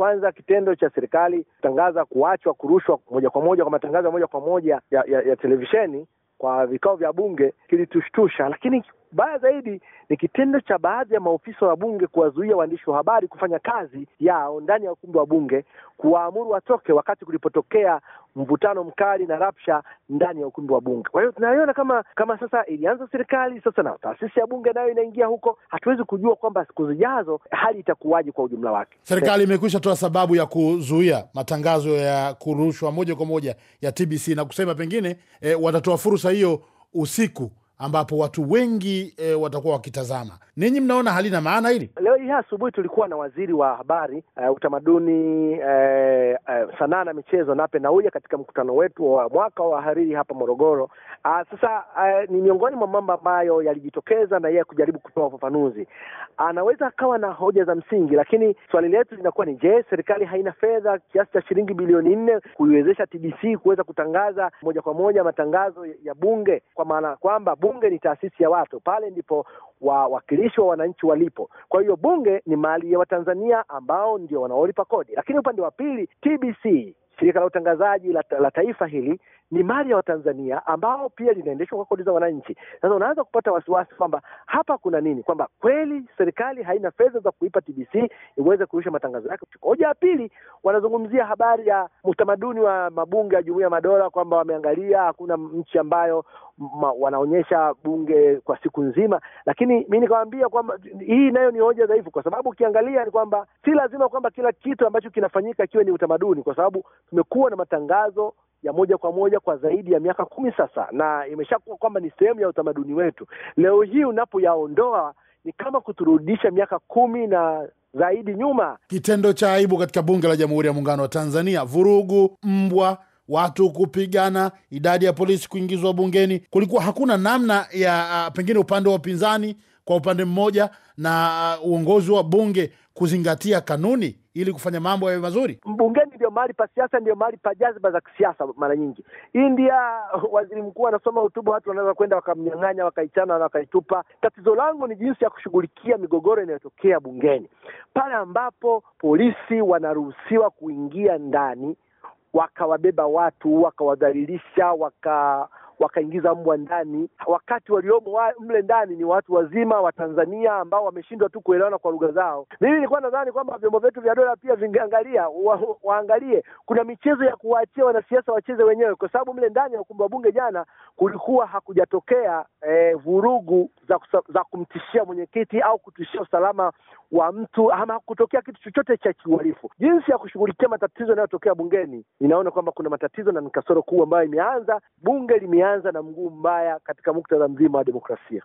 Kwanza, kitendo cha serikali kutangaza kuachwa kurushwa moja kwa moja kwa matangazo ya moja kwa moja ya, ya, ya televisheni kwa vikao vya bunge kilitushtusha, lakini baya zaidi ni kitendo cha baadhi ya maofisa wa bunge kuwazuia waandishi wa habari kufanya kazi yao ndani ya ukumbi wa bunge, kuwaamuru watoke wakati kulipotokea mvutano mkali na rapsha ndani ya ukumbi wa bunge. Kwa hiyo tunaiona kama kama sasa ilianza serikali sasa na taasisi ya bunge nayo inaingia huko, hatuwezi kujua kwamba siku zijazo hali itakuwaje kwa ujumla wake. Serikali imekwisha toa sababu ya kuzuia matangazo ya kurushwa moja kwa moja ya TBC na kusema pengine e, watatoa fursa hiyo usiku ambapo watu wengi e, watakuwa wakitazama. Ninyi mnaona halina maana hili? Leo hii asubuhi tulikuwa na waziri wa habari e, utamaduni e, e, sanaa na michezo Nape Nnauye katika mkutano wetu wa mwaka wa hariri hapa Morogoro. A, sasa a, e, ni miongoni mwa mambo ambayo yalijitokeza na yeye kujaribu kutoa ufafanuzi. Anaweza akawa na hoja za msingi, lakini swali letu linakuwa ni je, serikali haina fedha kiasi cha shilingi bilioni nne kuiwezesha TBC kuweza kutangaza moja kwa moja matangazo ya bunge kwa maana kwamba bunge bunge ni taasisi ya watu, pale ndipo wawakilishi wa wananchi walipo. Kwa hiyo bunge ni mali ya Watanzania ambao ndio wanaolipa kodi, lakini upande wa pili TBC shirika la utangazaji la, la taifa hili ni mali ya Watanzania ambao pia linaendeshwa kwa kodi za wananchi. Sasa unaanza kupata wasiwasi kwamba hapa kuna nini, kwamba kweli serikali haina fedha za kuipa TBC iweze kurusha matangazo yake. Hoja ya pili, wanazungumzia habari ya utamaduni wa mabunge ya jumuia Madola kwamba wameangalia, hakuna nchi ambayo ma, wanaonyesha bunge kwa siku nzima, lakini mi nikawambia kwamba hii nayo ni hoja dhaifu, kwa sababu ukiangalia ni kwamba si lazima kwamba kila kitu ambacho kinafanyika kiwe ni utamaduni, kwa sababu tumekuwa na matangazo ya moja kwa moja kwa zaidi ya miaka kumi sasa, na imeshakuwa kwamba ni sehemu ya utamaduni wetu. Leo hii unapoyaondoa ni kama kuturudisha miaka kumi na zaidi nyuma. Kitendo cha aibu katika bunge la Jamhuri ya Muungano wa Tanzania, vurugu, mbwa watu kupigana, idadi ya polisi kuingizwa bungeni, kulikuwa hakuna namna ya ah, pengine upande wa upinzani kwa upande mmoja na ah, uongozi wa bunge kuzingatia kanuni ili kufanya mambo yawe mazuri. Bungeni ndio mahali pa siasa, ndio mahali pa jazba za kisiasa. Mara nyingi India, uh, waziri mkuu anasoma hotuba, watu wanaweza kwenda wakamnyang'anya, wakaichana na wakaitupa. Tatizo langu ni jinsi ya kushughulikia migogoro inayotokea bungeni, pale ambapo polisi wanaruhusiwa kuingia ndani wakawabeba watu, wakawadhalilisha, waka wakaingiza mbwa ndani, wakati waliomo wa, mle ndani ni watu wazima wa Tanzania ambao wameshindwa tu kuelewana kwa lugha zao. Mimi nilikuwa nadhani kwamba vyombo vyetu vya dola pia vingeangalia wa, waangalie kuna michezo ya kuwaachia wanasiasa wacheze wenyewe, kwa sababu mle ndani ya ukumbi wa bunge jana kulikuwa hakujatokea eh, vurugu za, za kumtishia mwenyekiti au kutishia usalama wa mtu ama kutokea kitu chochote cha kiuhalifu. Jinsi ya kushughulikia matatizo yanayotokea bungeni, ninaona kwamba kuna matatizo na ni kasoro kuu ambayo imeanza bunge limeanza inaanza na mguu mbaya katika muktadha mzima wa demokrasia.